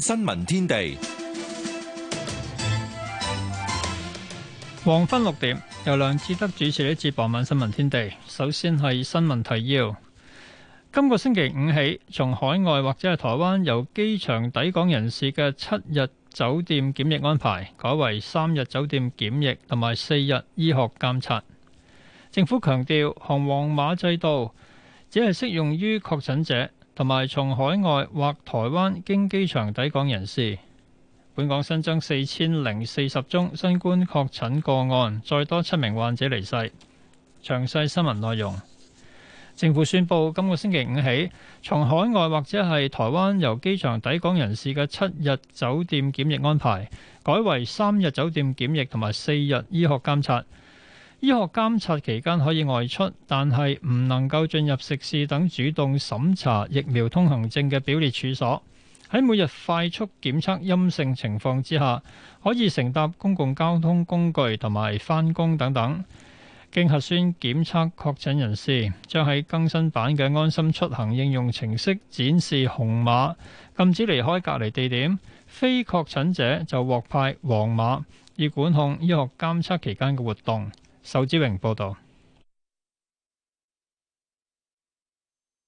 新聞天地，黃昏六點由梁志德主持呢節傍晚新聞天地。首先係新聞提要，今個星期五起，從海外或者係台灣由機場抵港人士嘅七日酒店檢疫安排改為三日酒店檢疫，同埋四日醫學監察。政府強調紅黃碼制度只係適用於確診者。同埋，從海外或台灣經機場抵港人士，本港新增四千零四十宗新冠確診個案，再多七名患者離世。詳細新聞內容，政府宣布今個星期五起，從海外或者係台灣由機場抵港人士嘅七日酒店檢疫安排，改為三日酒店檢疫同埋四日醫學監察。醫學監察期間可以外出，但係唔能夠進入食肆等主動審查疫苗通行證嘅表列處所。喺每日快速檢測陰性情況之下，可以乘搭公共交通工具同埋返工等等。經核酸檢測確診人士將喺更新版嘅安心出行應用程式展示紅碼，禁止離開隔離地點；非確診者就獲派黃碼，以管控醫學監察期間嘅活動。仇志榮報道。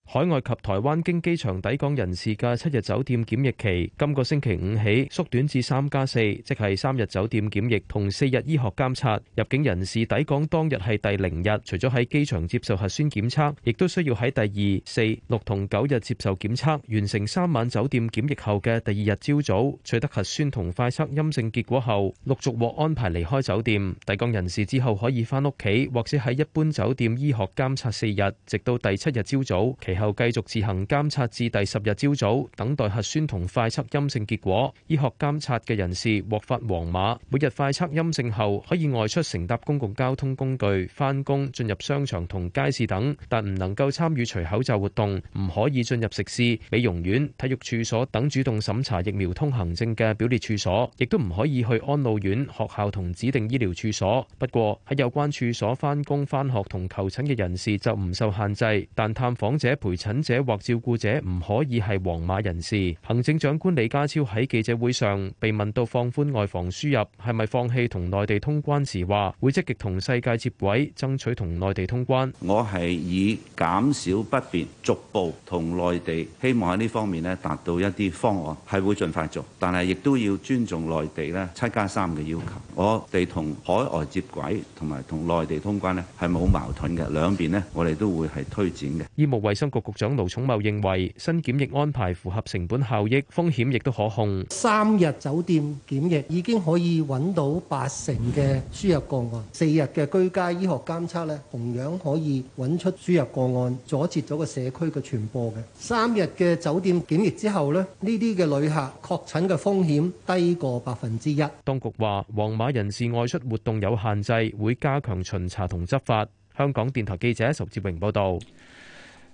海外及台灣經機場抵港人士嘅七日酒店檢疫期，今個星期五起縮短至三加四，4，即係三日酒店檢疫同四日醫學監察。入境人士抵港當日係第零日，除咗喺機場接受核酸檢測，亦都需要喺第二、四、六同九日接受檢測。完成三晚酒店檢疫後嘅第二日朝早,早取得核酸同快測陰性結果後，陸續獲安排離開酒店。抵港人士之後可以返屋企或者喺一般酒店醫學監察四日，直到第七日朝早,早。後繼續自行監察至第十日朝早，等待核酸同快測陰性結果。醫學監察嘅人士獲發黃碼，每日快測陰性後可以外出乘搭公共交通工具、翻工、進入商場同街市等，但唔能夠參與除口罩活動，唔可以進入食肆、美容院、體育處所等主動審查疫苗通行證嘅表列處所，亦都唔可以去安老院、學校同指定醫療處所。不過喺有關處所翻工、翻學同求診嘅人士就唔受限制，但探訪者、陪診者或照顧者唔可以係黃碼人士。行政長官李家超喺記者會上被問到放寬外防輸入係咪放棄同內地通關時話，話會積極同世界接軌，爭取同內地通關。我係以減少不便，逐步同內地，希望喺呢方面咧達到一啲方案，係會盡快做，但係亦都要尊重內地咧七加三嘅要求。我哋同海外接軌同埋同內地通關咧係冇矛盾嘅，兩邊咧我哋都會係推展嘅。醫務衛生。局局長盧寵茂認為，新檢疫安排符合成本效益，風險亦都可控。三日酒店檢疫已經可以揾到八成嘅輸入個案，四日嘅居家醫學監測呢，同樣可以揾出輸入個案，阻截咗個社區嘅傳播嘅。三日嘅酒店檢疫之後呢，呢啲嘅旅客確診嘅風險低過百分之一。當局話，黃碼人士外出活動有限制，會加強巡查同執法。香港電台記者仇志榮報道。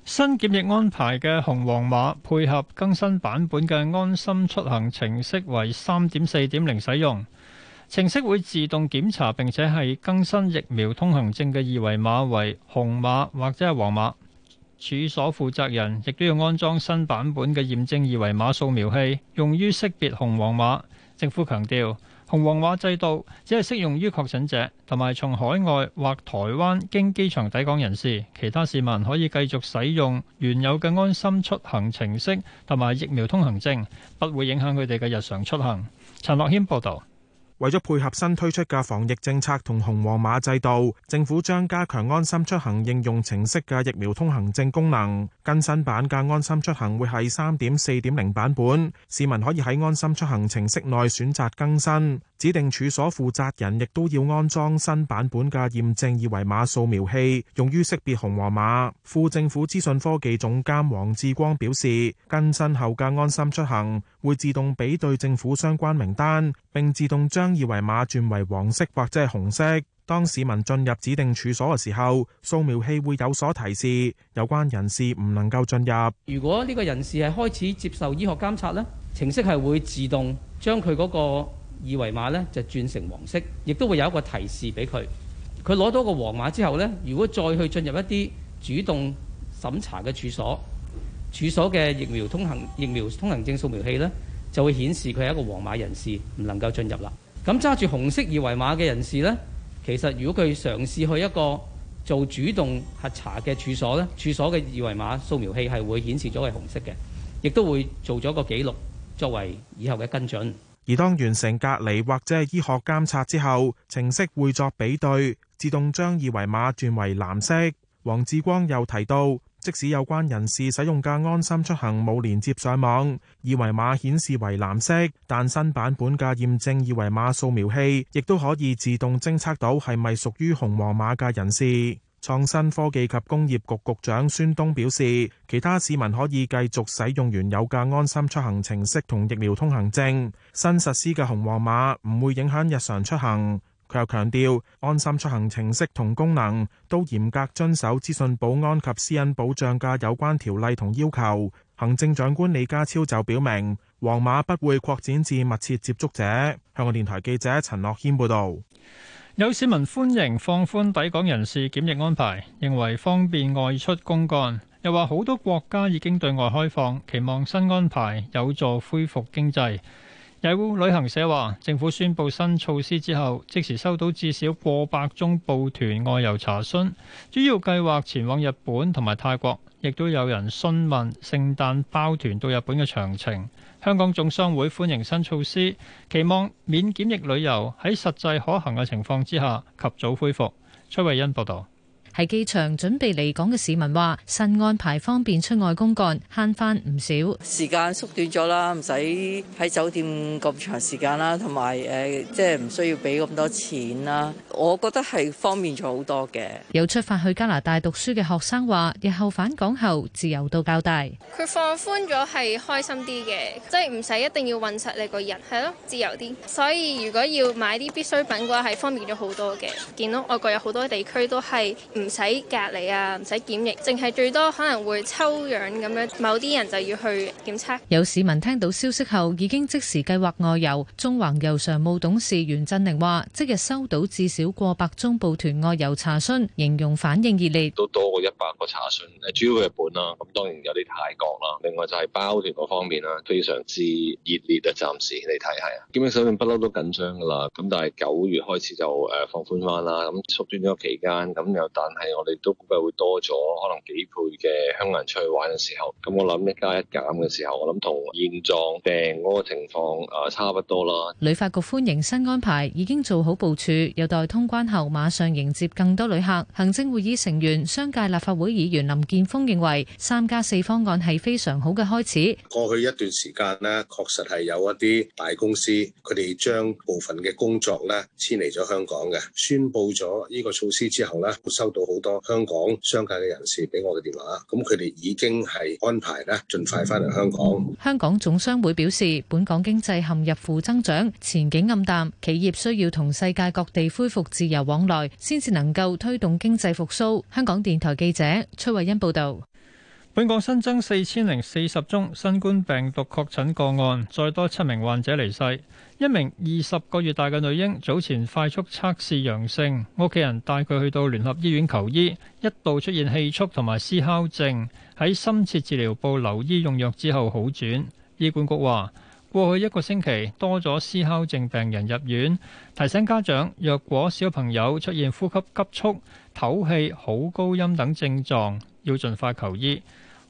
新檢疫安排嘅紅黃碼配合更新版本嘅安心出行程式為三點四點零使用。程式會自動檢查並且係更新疫苗通行證嘅二維碼為紅碼或者係黃碼，處所負責人亦都要安裝新版本嘅驗證二維碼掃描器，用於識別紅黃碼，政府強調。紅黃碼制度只係適用於確診者同埋從海外或台灣經機場抵港人士，其他市民可以繼續使用原有嘅安心出行程式同埋疫苗通行證，不會影響佢哋嘅日常出行。陳樂軒報導。為咗配合新推出嘅防疫政策同紅黃碼制度，政府將加強安心出行應用程式嘅疫苗通行證功能。更新版嘅安心出行會係三點四點零版本，市民可以喺安心出行程式內選擇更新。指定處所負責人亦都要安裝新版本嘅驗證二維碼掃描器，用於識別紅黃碼。副政府資訊科技總監黃志光表示，更新後嘅安心出行，會自動比對政府相關名單，並自動將二維碼轉為黃色或者係紅色。當市民進入指定處所嘅時候，掃描器會有所提示，有關人士唔能夠進入。如果呢個人士係開始接受醫學監察呢，程式係會自動將佢嗰個二維碼呢就轉成黃色，亦都會有一個提示俾佢。佢攞到個黃碼之後呢，如果再去進入一啲主動審查嘅處所。處所嘅疫苗通行疫苗通行證掃描器呢，就會顯示佢係一個黃碼人士，唔能夠進入啦。咁揸住紅色二維碼嘅人士呢，其實如果佢嘗試去一個做主動核查嘅處所呢，處所嘅二維碼掃描器係會顯示咗係紅色嘅，亦都會做咗個記錄作為以後嘅跟進。而當完成隔離或者係醫學監察之後，程式會作比對，自動將二維碼轉為藍色。黃志光又提到。即使有關人士使用嘅安心出行冇連接上網，二維碼顯示為藍色，但新版本嘅驗證二維碼掃描器亦都可以自動偵測到係咪屬於紅黃碼嘅人士。創新科技及工業局局長孫東表示，其他市民可以繼續使用原有嘅安心出行程式同疫苗通行證，新實施嘅紅黃碼唔會影響日常出行。佢又強調，安心出行程式同功能都嚴格遵守資訊保安及私隱保障嘅有關條例同要求。行政長官李家超就表明，黃碼不會擴展至密切接觸者。香港電台記者陳樂軒報導。有市民歡迎放寬抵港人士檢疫安排，認為方便外出公幹。又話好多國家已經對外開放，期望新安排有助恢復經濟。有旅行社話，政府宣布新措施之後，即時收到至少過百宗報團外遊查詢，主要計劃前往日本同埋泰國，亦都有人詢問聖誕包團到日本嘅詳情。香港眾商會歡迎新措施，期望免檢疫旅遊喺實際可行嘅情況之下及早恢復。崔慧欣報道。喺機場準備離港嘅市民話：新安排方便出外公幹，慳翻唔少時間，縮短咗啦，唔使喺酒店咁長時間啦，同埋誒，即係唔需要俾咁多錢啦。我覺得係方便咗好多嘅。有出發去加拿大讀書嘅學生話：日後返港後自由度較大。佢放寬咗係開心啲嘅，即係唔使一定要運實你個人，係咯，自由啲。所以如果要買啲必需品嘅話，係方便咗好多嘅。見到外國有好多地區都係唔。唔使隔離啊，唔使檢疫，淨係最多可能會抽樣咁樣，某啲人就要去檢測。有市民聽到消息後已經即時計劃外遊。縱橫遊常務董事袁振寧話，即日收到至少過百宗部團外遊查詢，形容反應熱烈。都多過一百個查詢，誒，主要係日本啦，咁當然有啲泰國啦，另外就係包團嗰方面啦，非常之熱烈啊！暫時你睇下，今年首年不嬲都緊張㗎啦，咁但係九月開始就誒放寬翻啦，咁縮短咗期間，咁又但。係我哋都估計會多咗可能幾倍嘅香港人出去玩嘅時候，咁我諗一加一減嘅時候，我諗同現狀訂嗰個情況啊差不多啦。旅發局歡迎新安排，已經做好部署，有待通關後馬上迎接更多旅客。行政會議成員、商界立法會議員林健鋒認為，三加四方案係非常好嘅開始。過去一段時間咧，確實係有一啲大公司佢哋將部分嘅工作咧遷離咗香港嘅。宣布咗呢個措施之後咧，會收到。好多香港商界嘅人士俾我嘅電話，咁佢哋已經係安排啦，盡快翻嚟香港。香港總商會表示，本港經濟陷入負增長，前景暗淡，企業需要同世界各地恢復自由往來，先至能夠推動經濟復甦。香港電台記者崔慧欣報道。本港新增四千零四十宗新冠病毒確診個案，再多七名患者離世。一名二十個月大嘅女嬰早前快速測試陽性，屋企人帶佢去到聯合醫院求醫，一度出現氣促同埋哮吼症，喺深切治療部留醫用藥之後好轉。醫管局話，過去一個星期多咗哮吼症病人入院，提醒家長若果小朋友出現呼吸急促、唞氣好高音等症狀，要盡快求醫。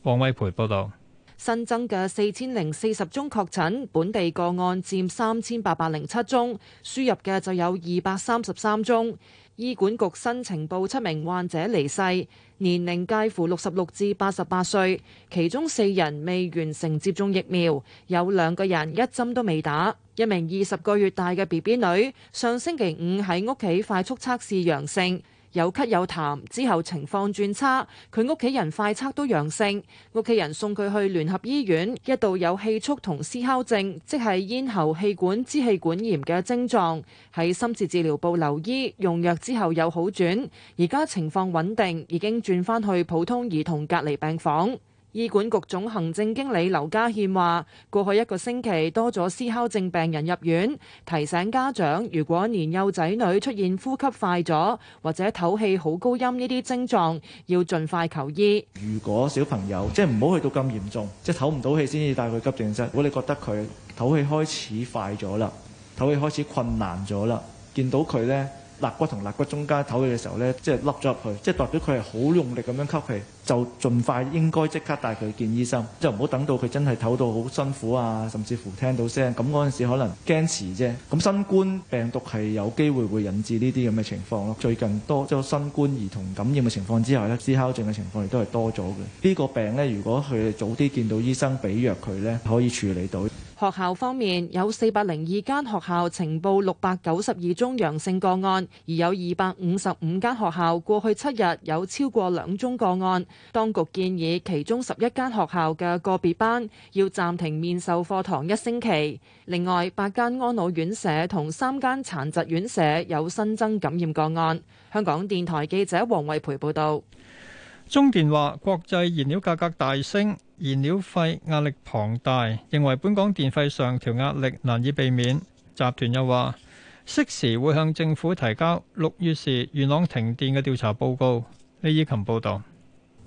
黃偉培報道：新增嘅四千零四十宗確診，本地個案占三千八百零七宗，輸入嘅就有二百三十三宗。醫管局申情報七名患者離世，年齡介乎六十六至八十八歲，其中四人未完成接種疫苗，有兩個人一針都未打。一名二十個月大嘅 B B 女，上星期五喺屋企快速測試陽性。有咳有痰，之後情況轉差，佢屋企人快測都陽性，屋企人送佢去聯合醫院，一度有氣促同哮吼症，即係咽喉氣管支氣管炎嘅症狀，喺深切治療部留醫，用藥之後有好轉，而家情況穩定，已經轉返去普通兒童隔離病房。醫管局總行政經理劉家憲話：過去一個星期多咗思哮症病人入院，提醒家長如果年幼仔女出現呼吸快咗或者唞氣好高音呢啲症狀，要盡快求醫。如果小朋友即係唔好去到咁嚴重，即係唞唔到氣先至帶佢去急症室。如果你覺得佢唞氣開始快咗啦，唞氣開始困難咗啦，見到佢咧肋骨同肋骨中間唞氣嘅時候咧，即係凹咗入去，即係代表佢係好用力咁樣吸氣，就盡快應該即刻帶佢去見醫生，就唔好等到佢真係唞到好辛苦啊，甚至乎聽到聲咁嗰陣時，可能驚遲啫。咁新冠病毒係有機會會引致呢啲咁嘅情況咯。最近多咗新冠兒童感染嘅情況之下呢，支氣管哮喘嘅情況亦都係多咗嘅。呢個病呢，如果佢早啲見到醫生，俾藥佢呢，可以處理到。學校方面，有四百零二間學校呈報六百九十二宗陽性個案，而有二百五十五間學校過去七日有超過兩宗個案。當局建議其中十一間學校嘅個別班要暫停面授課堂一星期。另外八間安老院舍同三間殘疾院舍有新增感染個案。香港電台記者黃惠培報道。中電話國際燃料價格大升，燃料費壓力龐大，認為本港電費上調壓力難以避免。集團又話適時會向政府提交六月時元朗停電嘅調查報告。李以琴報道。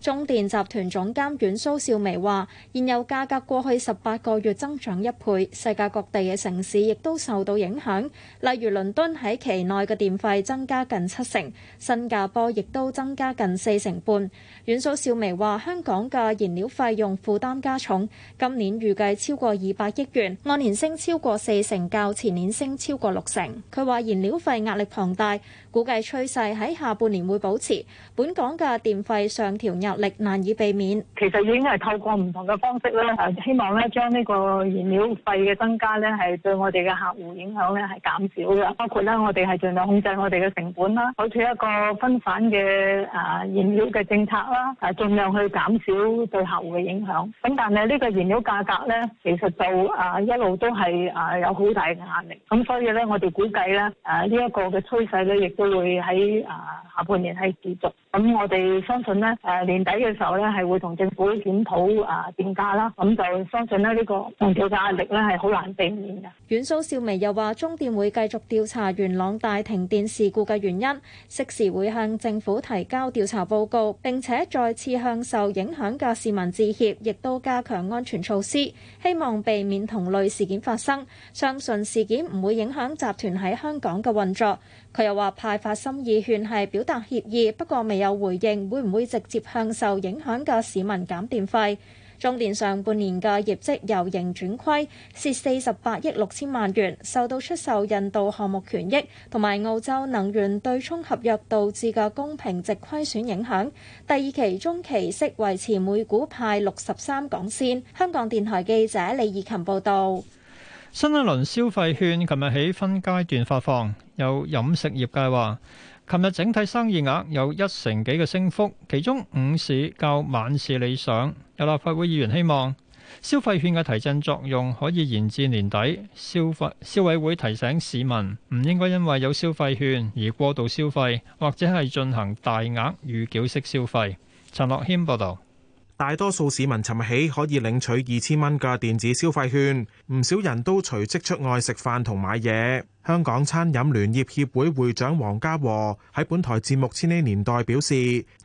中電集團總監阮蘇少湄話：現有價格過去十八個月增長一倍，世界各地嘅城市亦都受到影響。例如倫敦喺期內嘅電費增加近七成，新加坡亦都增加近四成半。阮蘇少湄話：香港嘅燃料費用負擔加重，今年預計超過二百億元，按年升超過四成，較前年升超過六成。佢話燃料費壓力龐大，估計趨勢喺下半年會保持。本港嘅電費上調壓力難以避免，其實已經係透過唔同嘅方式咧，係、啊、希望咧將呢個燃料費嘅增加咧，係對我哋嘅客戶影響咧係減少嘅。包括咧，我哋係盡量控制我哋嘅成本啦，好似一個分散嘅啊燃料嘅政策啦，啊盡量去減少對客戶嘅影響。咁但係呢個燃料價格咧，其實就啊一路都係啊有好大嘅壓力。咁所以咧，我哋估計咧，啊呢一個嘅趨勢咧，亦都會喺啊下半年係持續。咁我哋相信咧，誒年底嘅時候咧，係會同政府檢討啊電價啦。咁就相信咧，呢個同調價壓力咧係好難避免嘅。阮蘇、嗯、少湄又話中電會繼續調查元朗大停電事故嘅原因，適時會向政府提交調查報告，並且再次向受影響嘅市民致歉，亦都加強安全措施，希望避免同類事件發生。相信事件唔會影響集團喺香港嘅運作。佢又話派發心意券係表達歉意，不過未有回應會唔會直接向受影響嘅市民減電費？中電上半年嘅業績由盈轉虧，蝕四十八億六千萬元，受到出售印度項目權益同埋澳洲能源對沖合約導致嘅公平值虧損影響。第二期中期息維持每股派六十三港仙。香港電台記者李以琴報道。新一輪消費券琴日起分階段發放，有飲食業界話，尋日整體生意額有一成幾嘅升幅，其中午市較晚市理想。有立法會議員希望消費券嘅提振作用可以延至年底。消費消委會提醒市民唔應該因為有消費券而過度消費，或者係進行大額預繳式消費。陳樂軒報導，大多數市民尋日起可以領取二千蚊嘅電子消費券，唔少人都隨即出外食飯同買嘢。香港餐飲聯業協會會長黃家和喺本台節目《千禧年代》表示，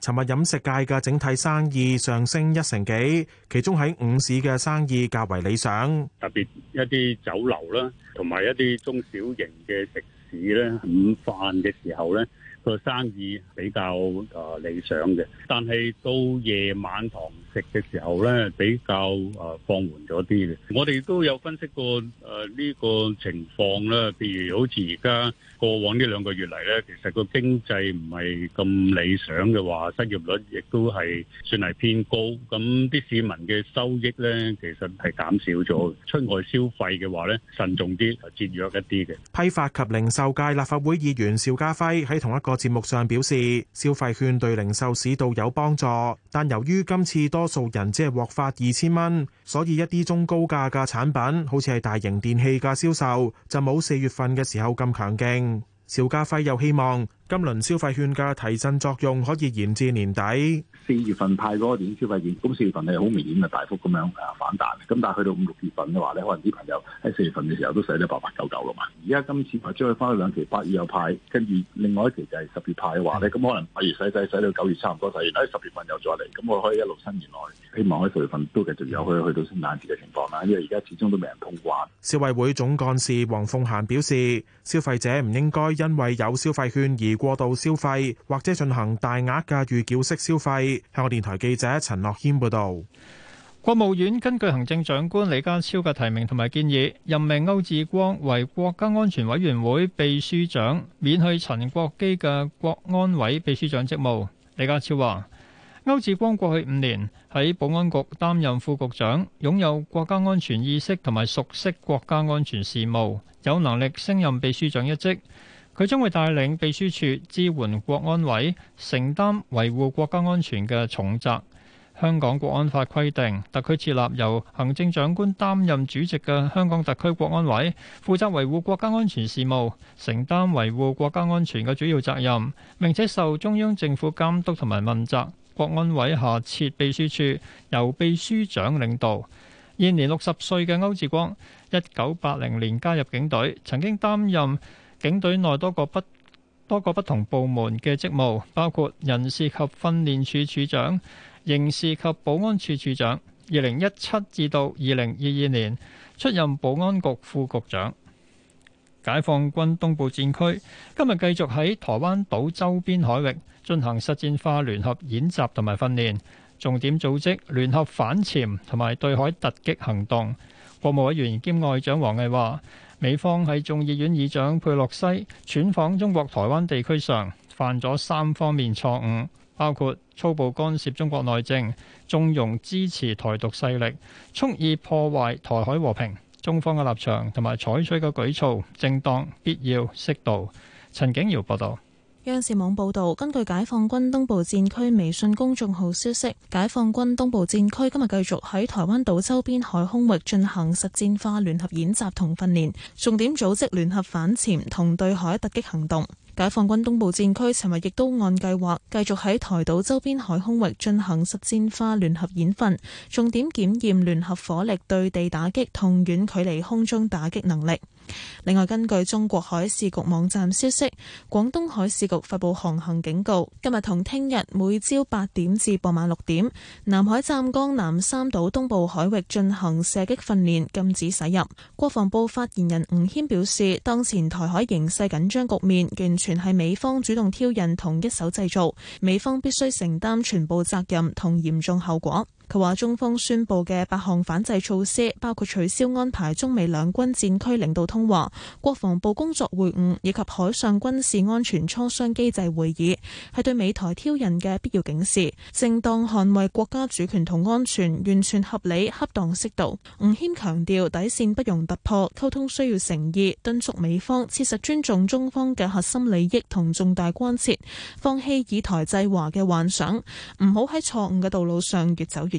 尋日飲食界嘅整體生意上升一成幾，其中喺午市嘅生意較為理想，特別一啲酒樓啦，同埋一啲中小型嘅食肆咧，午飯嘅時候咧。個生意比較誒理想嘅，但係到夜晚堂食嘅時候咧，比較誒放緩咗啲嘅。我哋都有分析過誒呢個情況啦，譬如好似而家過往呢兩個月嚟咧，其實個經濟唔係咁理想嘅話，失業率亦都係算係偏高。咁啲市民嘅收益咧，其實係減少咗。出外消費嘅話咧，慎重啲，節約一啲嘅。批發及零售界立法會議員邵家輝喺同一個。個節目上表示，消費券對零售市道有幫助，但由於今次多數人只係獲發二千蚊，所以一啲中高價嘅產品，好似係大型電器嘅銷售，就冇四月份嘅時候咁強勁。邵家輝又希望今輪消費券嘅提振作用可以延至年底。四月份派嗰年消費券，咁四月份係好明顯嘅大幅咁樣反彈，咁但係去到五六、六月份嘅話咧，可能啲朋友喺四月份嘅時候都使咗八八九九啦嘛。而家今次話將佢分去兩期八月有派，跟住另外一期就係十月派嘅話咧，咁可能八月使曬使到九月差唔多，十月十月份又再嚟，咁我可以一六七年內，希望喺十月份都繼續有去去到聖誕節嘅情況啦。因為而家始終都未人通關。消委會總幹事黃鳳嫻表示，消費者唔應該因為有消費券而過度消費，或者進行大額嘅預繳式消費。香港電台記者陳樂軒報導。國務院根據行政長官李家超嘅提名同埋建議，任命歐志光為國家安全委員會秘書長，免去陳國基嘅國安委秘書長職務。李家超話，歐志光過去五年喺保安局擔任副局長，擁有國家安全意識同埋熟悉國家安全事務，有能力升任秘書長一職。佢將會帶領秘書處支援國安委，承擔維護國家安全嘅重責。香港國安法規定，特區設立由行政長官擔任主席嘅香港特區國安委，負責維護國家安全事務，承擔維護國家安全嘅主要責任，並且受中央政府監督同埋問責。國安委下設秘書處，由秘書長領導。現年六十歲嘅歐志光，一九八零年加入警隊，曾經擔任警隊內多個不多個不同部門嘅職務，包括人事及訓練處處長，刑事及保安處處長，二零一七至到二零二二年出任保安局副局長。解放軍東部戰區今日繼續喺台灣島周邊海域進行實戰化聯合演習同埋訓練，重點組織聯合反潛同埋對海突擊行動。國務委員兼外長王毅話：美方喺眾議院議長佩洛西竄訪中國台灣地區上犯咗三方面錯誤。包括粗暴干涉中國內政、縱容支持台獨勢力、蓄意破壞台海和平。中方嘅立場同埋採取嘅舉措，正當必要適度。陳景瑤報道。央視網報道，根據解放軍東部戰區微信公眾號消息，解放軍東部戰區今日繼續喺台灣島周邊海空域進行實戰化聯合演習同訓練，重點組織聯合反潛同對海突擊行動。解放軍東部戰區尋日亦都按計劃繼續喺台島周邊海空域進行實戰化聯合演訓，重點檢驗聯合火力對地打擊同遠距離空中打擊能力。另外，根據中國海事局網站消息，廣東海事局發布航行警告：今日同聽日每朝八點至傍晚六點，南海湛江南三島東部海域進行射擊訓練，禁止駛入。國防部發言人吳謙表示，當前台海形勢緊張局面完全全係美方主動挑釁同一手製造，美方必須承擔全部責任同嚴重後果。佢話中方宣布嘅八項反制措施，包括取消安排中美兩軍戰區領導通話、國防部工作會晤以及海上軍事安全磋商機制會議，係對美台挑釁嘅必要警示，正當捍衛國家主權同安全，完全合理、恰當適度。吳謙強調底線不容突破，溝通需要誠意，敦促美方切實尊重中方嘅核心利益同重大關切，放棄以台制華嘅幻想，唔好喺錯誤嘅道路上越走越。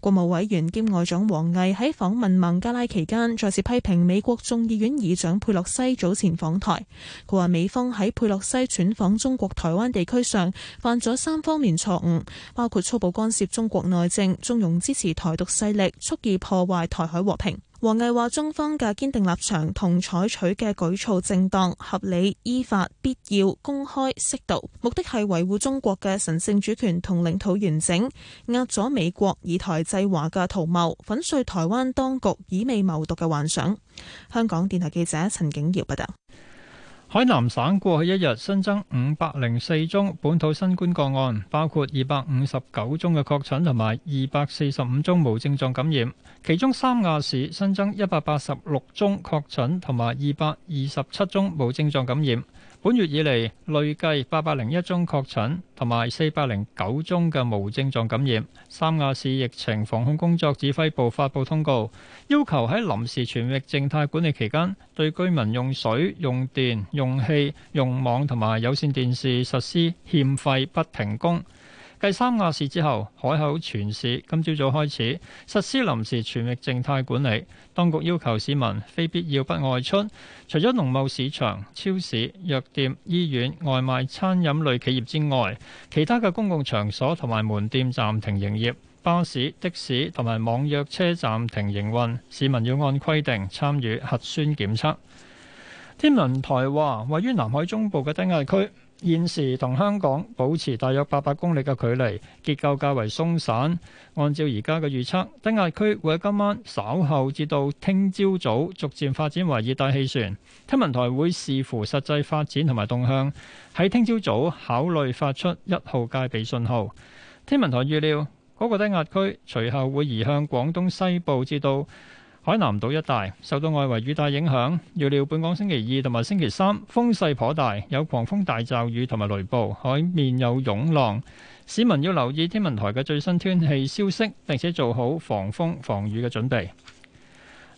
國務委員兼外長王毅喺訪問孟加拉期間，再次批評美國眾議院議長佩洛西早前訪台。佢話美方喺佩洛西竄訪中國台灣地區上，犯咗三方面錯誤，包括粗暴干涉中國內政、縱容支持台獨勢力、蓄意破壞台海和平。王毅話：中方嘅堅定立場同採取嘅舉措正當、合理、依法、必要、公開、適度，目的係維護中國嘅神聖主權同領土完整，壓咗美國以台制華嘅圖謀，粉碎台灣當局以美謀獨嘅幻想。香港電台記者陳景堯報道。海南省過去一日新增五百零四宗本土新冠個案，包括二百五十九宗嘅確診同埋二百四十五宗無症狀感染。其中三亞市新增一百八十六宗確診同埋二百二十七宗無症狀感染。本月以嚟，累計八百零一宗確診，同埋四百零九宗嘅無症狀感染。三亞市疫情防控工作指揮部發布通告，要求喺臨時全域靜態管理期間，對居民用水、用電、用氣、用網同埋有線電視實施欠費不停工。繼三亞市之後，海口全市今朝早開始實施臨時全域靜態管理。當局要求市民非必要不外出，除咗農貿市場、超市、藥店、醫院、外賣、餐飲類企業之外，其他嘅公共場所同埋門店暫停營業，巴士、的士同埋網約車暫停營運。市民要按規定參與核酸檢測。天文台話，位於南海中部嘅低壓區，現時同香港保持大約八百公里嘅距離，結構較為鬆散。按照而家嘅預測，低壓區會喺今晚稍後至到聽朝早逐漸發展為熱帶氣旋。天文台會視乎實際發展同埋動向，喺聽朝早考慮發出一號戒備信號。天文台預料嗰個低壓區隨後會移向廣東西部至到，海南島一帶受到外圍雨帶影響，預料本港星期二同埋星期三風勢頗大，有狂風大驟雨同埋雷暴，海面有湧浪。市民要留意天文台嘅最新天氣消息，並且做好防風防雨嘅準備。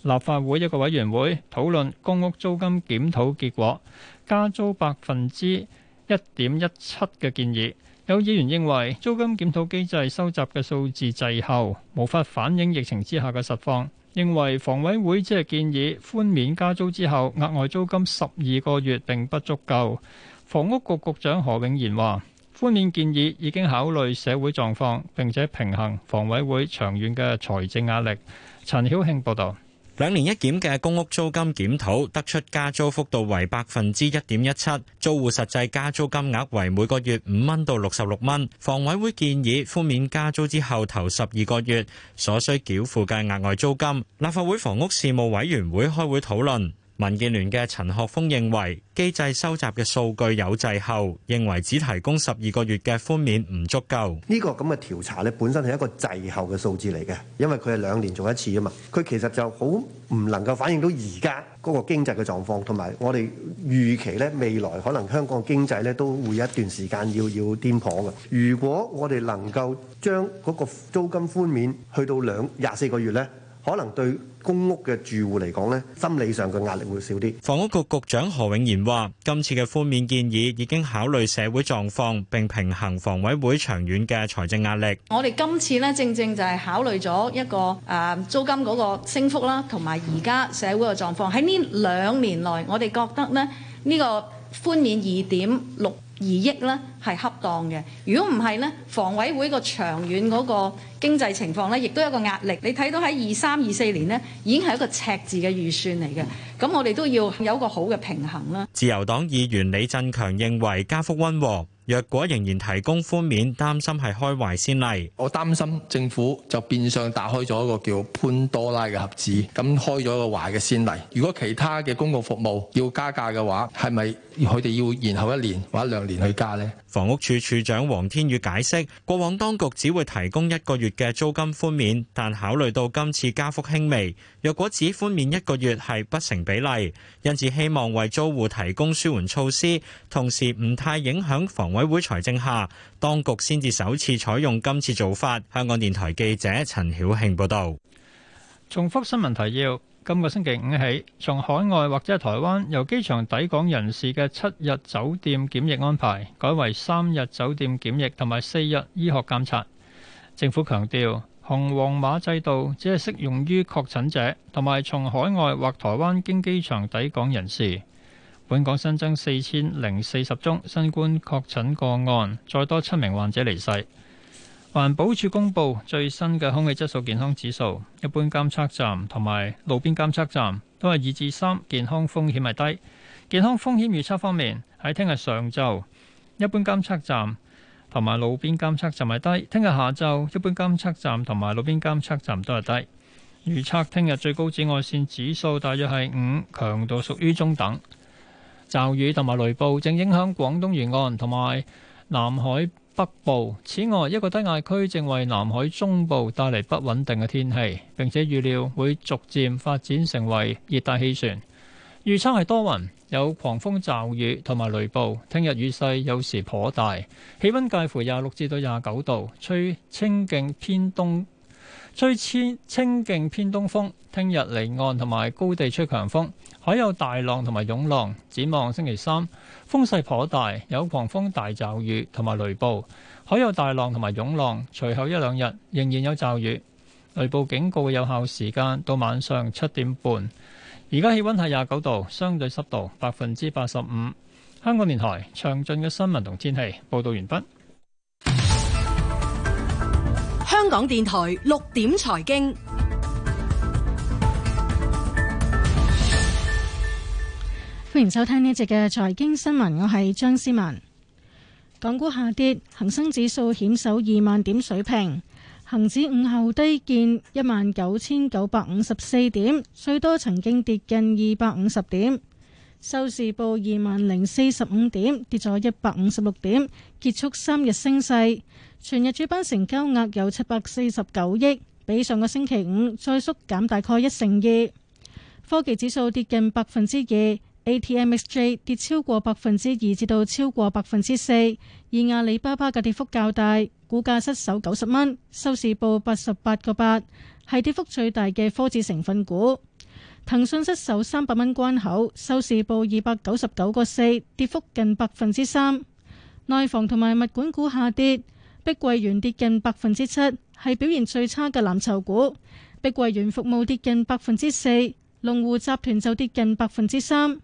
立法會一個委員會討論公屋租金檢討結果，加租百分之一點一七嘅建議。有議員認為租金檢討機制收集嘅數字滯後，無法反映疫情之下嘅實況。認為房委會只係建議寬免加租之後，額外租金十二個月並不足夠。房屋局局長何永賢話：寬免建議已經考慮社會狀況，並且平衡房委會長遠嘅財政壓力。陳曉慶報道。兩年一檢嘅公屋租金檢討得出加租幅度為百分之一點一七，租戶實際加租金額為每個月五蚊到六十六蚊。房委會建議寬免加租之後頭十二個月所需繳付嘅額外租金。立法會房屋事務委員會開會討論。民建聯嘅陳學鋒認為機制收集嘅數據有滯後，認為只提供十二個月嘅寬免唔足夠。呢個咁嘅調查咧，本身係一個滯後嘅數字嚟嘅，因為佢係兩年做一次啊嘛。佢其實就好唔能夠反映到而家嗰個經濟嘅狀況，同埋我哋預期咧，未來可能香港嘅經濟咧都會有一段時間要要顛簸嘅。如果我哋能夠將嗰個租金寬免去到兩廿四個月咧，可能對公屋嘅住戶嚟講，咧，心理上嘅壓力會少啲。房屋局局長何永賢話，今次嘅寬免建議已經考慮社會狀況，並平衡房委會長遠嘅財政壓力。 我哋今次咧正正就係考慮咗一個誒租金嗰個升幅啦，同埋而家社會嘅狀況。喺呢兩年內，我哋覺得呢呢、呢個。寬免二點六二億呢係恰當嘅，如果唔係呢房委會個長遠嗰個經濟情況呢，亦都有個壓力。你睇到喺二三二四年呢，已經係一個赤字嘅預算嚟嘅，咁我哋都要有個好嘅平衡啦。自由黨議員李振強認為加幅溫和，若果仍然提供寬免，擔心係開壞先例。我擔心政府就變相打開咗一個叫潘多拉嘅盒子，咁開咗個壞嘅先例。如果其他嘅公共服務要加價嘅話，係咪？佢哋要延後一年或者兩年去加咧。房屋處處長黃天宇解釋，過往當局只會提供一個月嘅租金寬免，但考慮到今次加幅輕微，若果只寬免一個月係不成比例，因此希望為租戶提供舒緩措施，同時唔太影響房委會財政下，當局先至首次採用今次做法。香港電台記者陳曉慶報道。重複新聞提要。今個星期五起，從海外或者係台灣由機場抵港人士嘅七日酒店檢疫安排，改為三日酒店檢疫同埋四日醫學監察。政府強調，紅黃碼制度只係適用於確診者同埋從海外或台灣經機場抵港人士。本港新增四千零四十宗新冠確診個案，再多七名患者離世。環保署公布最新嘅空氣質素健康指數，一般監測站同埋路邊監測站都係二至三，健康風險係低。健康風險預測方面，喺聽日上晝，一般監測站同埋路邊監測站係低；聽日下晝，一般監測站同埋路邊監測站都係低。預測聽日最高紫外線指數大約係五，強度屬於中等。驟雨同埋雷暴正影響廣東沿岸同埋南海。北部，此外一個低壓區正為南海中部帶嚟不穩定嘅天氣，並且預料會逐漸發展成為熱帶氣旋。預測係多雲，有狂風驟雨同埋雷暴。聽日雨勢有時頗大，氣溫介乎廿六至到廿九度，吹清勁偏東吹千清勁偏東風，聽日離岸同埋高地吹強風，海有大浪同埋湧浪。展望星期三，風勢頗大，有狂風大驟雨同埋雷暴，海有大浪同埋湧浪。隨後一兩日仍然有驟雨、雷暴警告嘅有效時間到晚上七點半。而家氣溫係廿九度，相對濕度百分之八十五。香港電台詳盡嘅新聞同天氣報道完畢。香港電台六點財經，歡迎收聽呢集嘅財經新聞。我係張思文。港股下跌，恒生指數險守二萬點水平。恒指午後低見一萬九千九百五十四點，最多曾經跌近二百五十點。收市報二萬零四十五點，跌咗一百五十六點，結束三日升勢。全日主板成交額有七百四十九億，比上個星期五再縮減大概一成二。科技指數跌近百分之二，ATMXJ 跌超過百分之二至到超過百分之四。而阿里巴巴嘅跌幅較大，股價失守九十蚊，收市報八十八個八，係跌幅最大嘅科技成分股。騰訊失守三百蚊關口，收市報二百九十九個四，跌幅近百分之三。內房同埋物管股下跌，碧桂園跌近百分之七，係表現最差嘅藍籌股。碧桂園服務跌近百分之四，龍湖集團就跌近百分之三。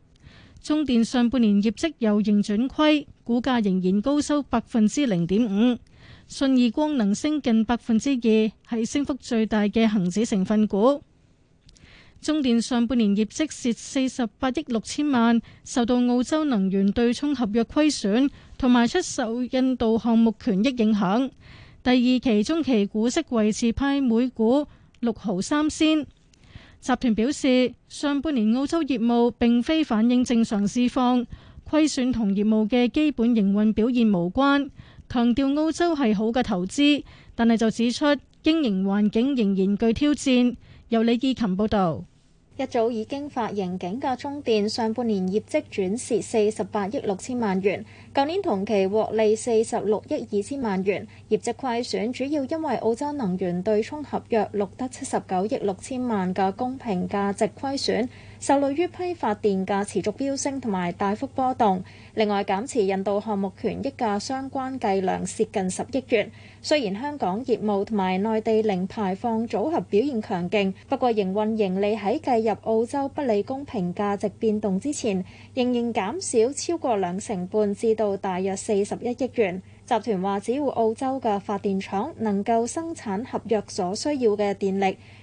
中電上半年業績由盈轉虧，股價仍然高收百分之零點五。信義光能升近百分之二，係升幅最大嘅恒指成分股。中電上半年業績蝕四十八億六千萬，受到澳洲能源對沖合約虧損同埋出售印度項目權益影響。第二期中期股息維持派每股六毫三仙。集團表示，上半年澳洲業務並非反映正常市況，虧損同業務嘅基本營運表現無關。強調澳洲係好嘅投資，但係就指出經營環境仍然具挑戰。由李義琴報道。一早已經發盈警嘅中電上半年業績轉蝕四十八億六千萬元，舊年同期獲利四十六億二千萬元。業績虧損主要因為澳洲能源對沖合約錄得七十九億六千萬嘅公平價值虧損，受累於批發電價持續飆升同埋大幅波動。另外減持印度項目權益嘅相關計量蝕近十億元。雖然香港業務同埋內地零排放組合表現強勁，不過營運盈利喺計入澳洲不利公平價值變動之前，仍然減少超過兩成半至到大約四十一億元。集團話只要澳洲嘅發電廠能夠生產合約所需要嘅電力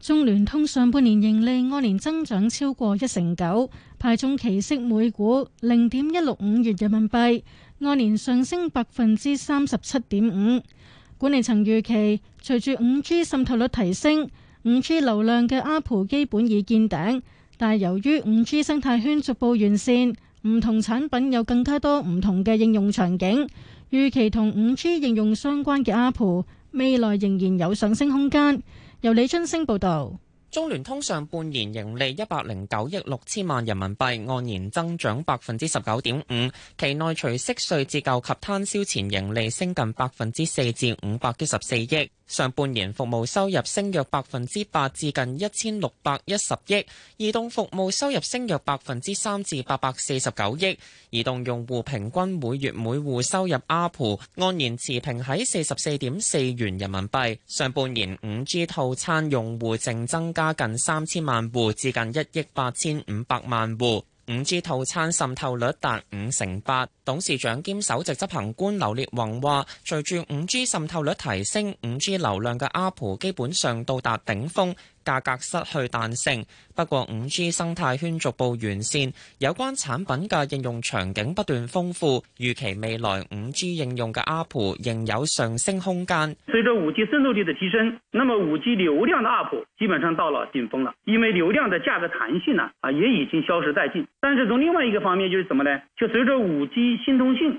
中聯通上半年盈利按年增長超過一成九，派中期息每股零點一六五元人民幣，按年上升百分之三十七點五。管理層預期，隨住五 G 滲透率提升，五 G 流量嘅 ARPU 基本已見頂，但由於五 G 生態圈逐步完善，唔同產品有更加多唔同嘅應用場景，預期同五 G 應用相關嘅 ARPU 未來仍然有上升空間。由李春升報道，中聯通上半年盈利一百零九億六千萬人民幣，按年增長百分之十九點五。期內除息稅折舊及攤銷前盈利升近百分之四，至五百一十四億。上半年服務收入升約百分之八至近一千六百一十億，移動服務收入升約百分之三至八百四十九億，移動用戶平均每月每戶收入 ARPU 按年持平喺四十四點四元人民幣。上半年五 G 套餐用戶淨增加近三千萬戶，至近一億八千五百萬戶。五 G 套餐滲透率達五成八，董事長兼首席執行官劉烈宏話：隨住五 G 滲透率提升，五 G 流量嘅 ARPU 基本上到達頂峰。價格失去彈性，不過 5G 生態圈逐步完善，有關產品嘅應用場景不斷豐富，預期未來 5G 應用嘅 App 仍有上升空間。隨着 5G 滲透率的提升，那麼 5G 流量的 App 基本上到了頂峰了，因為流量的價格彈性呢，啊，也已經消失殆盡。但是從另外一個方面，就是什麼呢？就隨着 5G 新通信。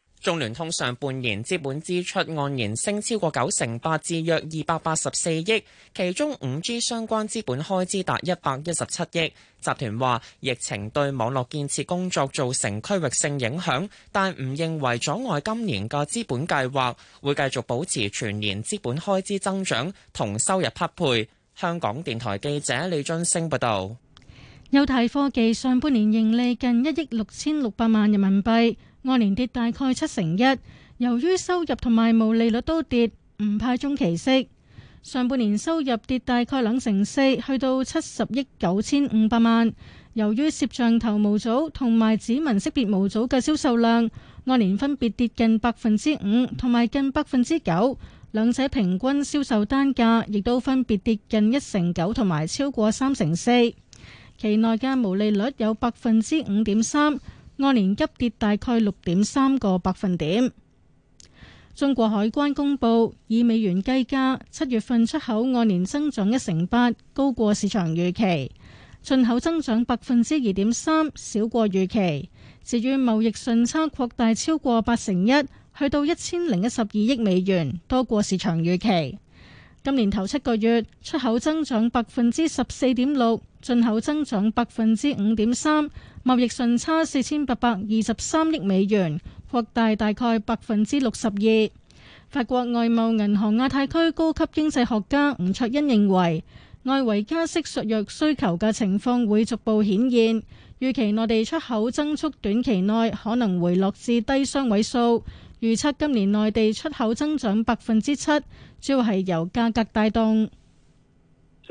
中聯通上半年資本支出按年升超過九成八，至約二百八十四億，其中五 G 相關資本開支達一百一十七億。集團話疫情對網絡建設工作造成區域性影響，但唔認為阻礙今年嘅資本計劃，會繼續保持全年資本開支增長同收入匹配。香港電台記者李晉升報導。優泰科技上半年盈利近一億六千六百萬人民幣。按年跌大概七成一，由於收入同埋毛利率都跌，唔派中期息。上半年收入跌大概兩成四，去到七十億九千五百萬。由於攝像頭模組同埋指紋識別模組嘅銷售量，按年分別跌近百分之五同埋近百分之九，兩者平均銷售單價亦都分別跌近一成九同埋超過三成四。期內嘅毛利率有百分之五點三。按年急跌，大概六點三個百分點。中國海關公布以美元計價，七月份出口按年增長一成八，高過市場預期；進口增長百分之二點三，少過預期。至於貿易順差擴大超過八成一，去到一千零一十二億美元，多過市場預期。今年頭七個月，出口增長百分之十四點六，進口增長百分之五點三。貿易順差四千八百二十三億美元，擴大大概百分之六十二。法國外貿銀行亞太區高級經濟學家吳卓恩認為，外圍加息削弱需求嘅情況會逐步顯現，預期內地出口增速短期內可能回落至低雙位數。預測今年內地出口增長百分之七，主要係由價格帶動。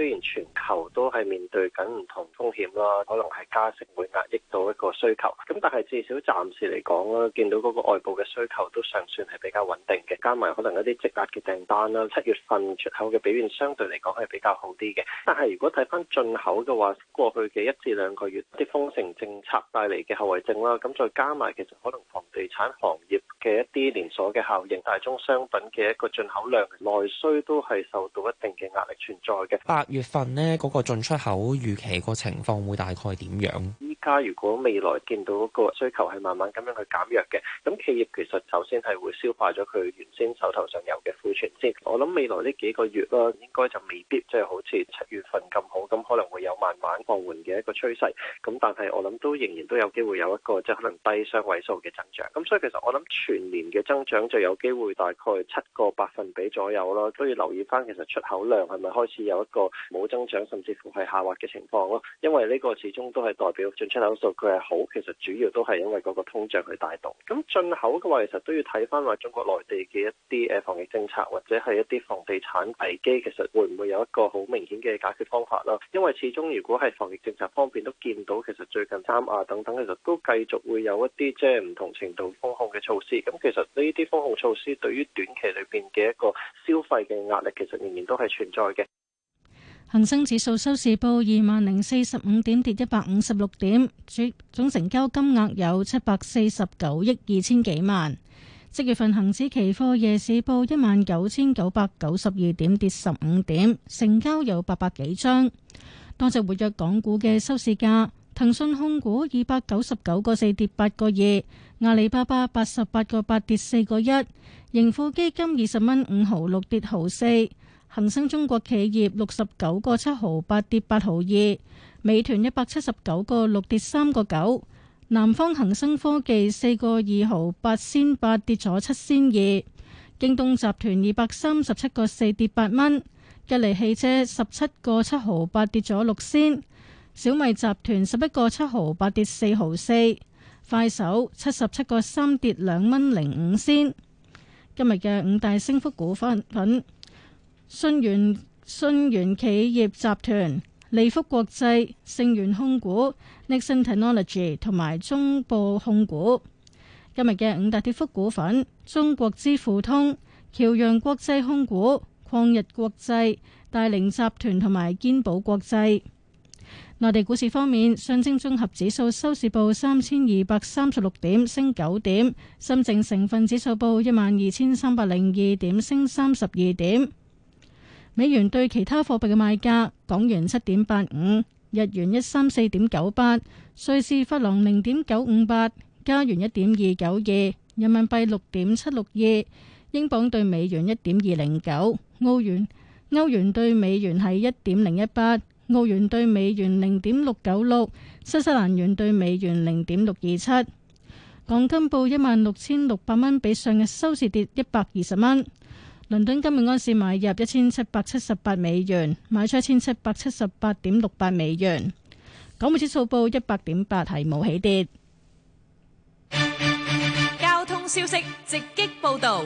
雖然全球都係面對緊唔同風險啦，可能係加息會壓抑到一個需求，咁但係至少暫時嚟講啦，見到嗰個外部嘅需求都尚算係比較穩定嘅，加埋可能一啲積壓嘅訂單啦，七月份出口嘅表現相對嚟講係比較好啲嘅。但係如果睇翻進口嘅話，過去嘅一至兩個月，啲封城政策帶嚟嘅後遺症啦，咁再加埋其實可能房地產行業嘅一啲連鎖嘅效應，大宗商品嘅一個進口量內需都係受到一定嘅壓力存在嘅。啊月份呢嗰個進出口預期個情況會大概點樣？依家，如果未來見到一個需求係慢慢咁樣去減弱嘅，咁企業其實首先係會消化咗佢原先手頭上有嘅庫存先。我諗未來呢幾個月啦，應該就未必即係好似七月份咁好，咁可能會有慢慢放緩嘅一個趨勢，咁但係我諗都仍然都有機會有一個即係可能低雙位數嘅增長，咁所以其實我諗全年嘅增長就有機會大概七個百分比左右啦。都要留意翻其實出口量係咪開始有一個。冇增長，甚至乎係下滑嘅情況咯。因為呢個始終都係代表進出口數據係好，其實主要都係因為嗰個通脹去帶動。咁進口嘅話，其實都要睇翻話中國內地嘅一啲誒防疫政策，或者係一啲房地產危機，其實會唔會有一個好明顯嘅解決方法咯。因為始終如果係防疫政策方面都見到，其實最近三亞等等其實都繼續會有一啲即係唔同程度封控嘅措施。咁其實呢啲封控措施對於短期裏邊嘅一個消費嘅壓力，其實仍然都係存在嘅。恒生指數收市報二萬零四十五點，跌一百五十六點，總成交金額有七百四十九億二千幾萬。即月份恒指期貨夜市報一萬九千九百九十二點，跌十五點，成交有八百幾張。多隻活躍港股嘅收市價：騰訊控股二百九十九個四跌八個二，阿里巴巴八十八個八跌四個一，盈富基金二十蚊五毫六跌毫四。恒生中國企業六十九個七毫八跌八毫二，美團一百七十九個六跌三個九，南方恒生科技四個二毫八先八跌咗七先二，京東集團二百三十七個四跌八蚊，吉利汽車十七個七毫八跌咗六先，小米集團十一個七毫八跌四毫四，快手七十七個三跌兩蚊零五先，今日嘅五大升幅股份。品。信源信源企業集團、利福國際、盛源控股、n i t i n t e l l i g e n c e 同埋中部控股，今日嘅五大跌幅股份：中國支付通、橋洋國際控股、曠日國際、大凌集團同埋堅寶國際。內地股市方面，上證綜合指數收市報三千二百三十六點，升九點；深證成分指數報一萬二千三百零二點，升三十二點。美元對其他貨幣嘅賣價：港元七點八五，日元一三四點九八，瑞士法郎零點九五八，加元一點二九二，人民幣六點七六二，英鎊對美元一點二零九，澳元歐元對美元係一點零一八，澳元對美元零點六九六，新西蘭元對美元零點六二七。港金報一萬六千六百蚊，比上日收市跌一百二十蚊。倫敦金每安士買入一千七百七十八美元，賣出一千七百七十八點六八美元。港匯指數報一百點八，係冇起跌。交通消息直擊報道。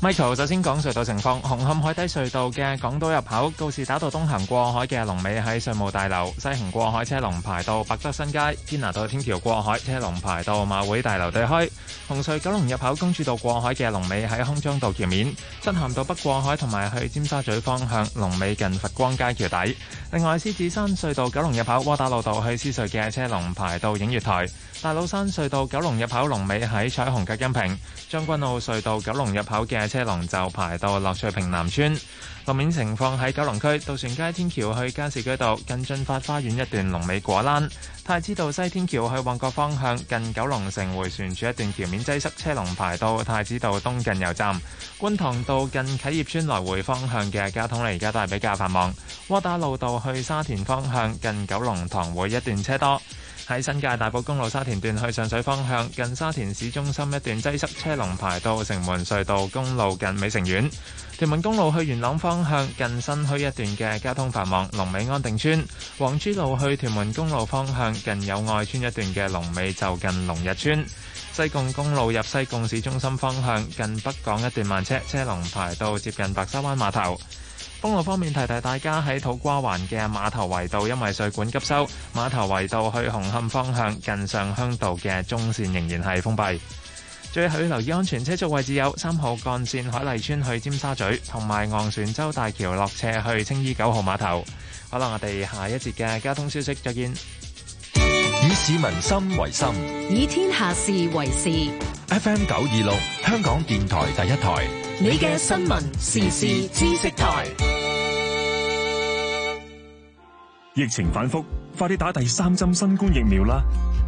Michael 首先講隧道情況，紅磡海底隧道嘅港島入口告士打道東行過海嘅龍尾喺稅務大樓，西行過海車龍排到百德新街，堅拿道天橋過海車龍排到馬會大樓對開。紅隧九龍入口公主道過海嘅龍尾喺康莊道橋面，漆咸道北過海同埋去尖沙咀方向龍尾近佛光街橋底。另外，獅子山隧道九龍入口窩打老道去獅隧嘅車龍排到影月台。大老山隧道九龍入口龍尾喺彩虹隔音屏，將軍澳隧道九龍入口嘅車龍就排到樂翠屏南村。路面情況，喺九龍區渡船街天橋去加士居道近駿發花園一段龍尾果欄，太子道西天橋去旺角方向近九龍城迴旋處一段橋面擠塞，車龍排到太子道東近油站。觀塘道近啟業村來回方向嘅交通咧而家都係比較繁忙，窩打老道去沙田方向近九龍塘會一段車多。喺新界大埔公路沙田段去上水方向，近沙田市中心一段擠塞，車龍排到城門隧道公路近美城苑。屯門公路去元朗方向，近新墟一段嘅交通繁忙，龍尾安定村。皇珠路去屯門公路方向，近友愛邨一段嘅龍尾就近龍逸邨。西貢公路入西貢市中心方向，近北港一段慢車，車龍排到接近白沙灣碼頭。公路方面，提提大家喺土瓜灣嘅碼頭圍道，因為水管急修，碼頭圍道去紅磡方向近上鄉道嘅中線仍然係封閉。最後要留意安全車速位置，有三號幹線海麗村去尖沙咀，同埋昂船洲大橋落斜去青衣九號碼頭。好啦，我哋下一節嘅交通消息，再見。以市民心為心，以天下事為事。FM 九二六，香港電台第一台。你嘅新聞時事知識台，疫情反覆，快啲打第三針新冠疫苗啦！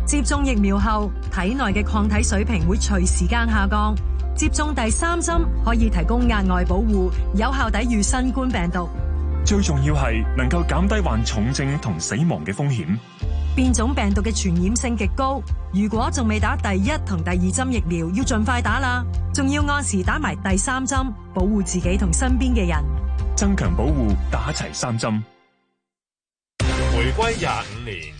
接種疫苗後，體內嘅抗體水平會隨時間下降，接種第三針可以提供額外保護，有效抵禦新冠病毒。最重要係能夠減低患重症同死亡嘅風險。變種病毒嘅傳染性極高，如果仲未打第一同第二針疫苗，要盡快打啦。仲要按時打埋第三針，保護自己同身邊嘅人。增強保護，打齊三針。回歸廿五年。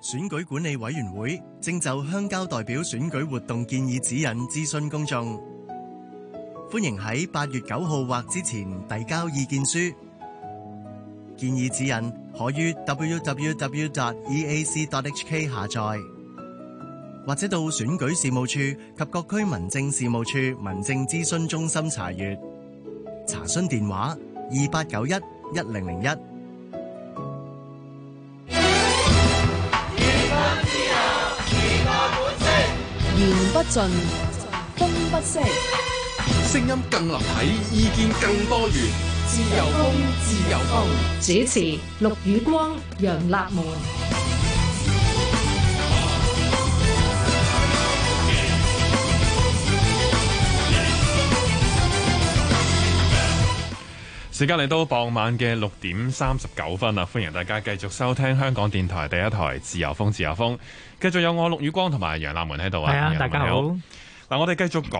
選舉管理委員會正就鄉郊代表選舉活動建議指引諮詢公眾，歡迎喺八月九號或之前遞交意見書。建議指引可於 www.eac.hk 下載，或者到選舉事務處及各區民政事務處民政諮詢中心查閱。查詢電話：二八九一一零零一。言不盡，風不息，聲音更立體，意見更多元，自由風，自由風。主持：陸宇光、楊立門。時間嚟到傍晚嘅六點三十九分啊，歡迎大家繼續收聽香港電台第一台自由風自由風，繼續有我陸宇光同埋楊立文喺度啊，係啊，大家好，嗱，我哋繼續講。